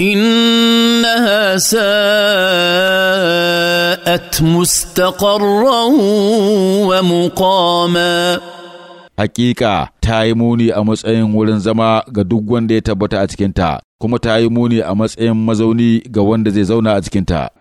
انها ساءت مستقرا ومقاما Hakika ta yi muni a matsayin wurin zama ga duk wanda ya tabbata a cikinta, kuma ta yi muni a matsayin mazauni ga wanda zai zauna a cikinta.